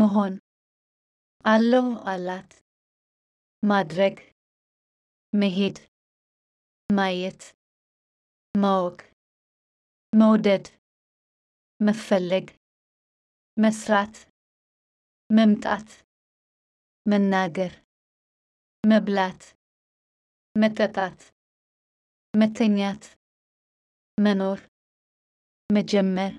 መሆን አለው አላት። ማድረግ፣ መሄድ፣ ማየት፣ ማወቅ፣ መውደድ፣ መፈለግ፣ መስራት፣ መምጣት፣ መናገር፣ መብላት፣ መጠጣት፣ መተኛት፣ መኖር፣ መጀመር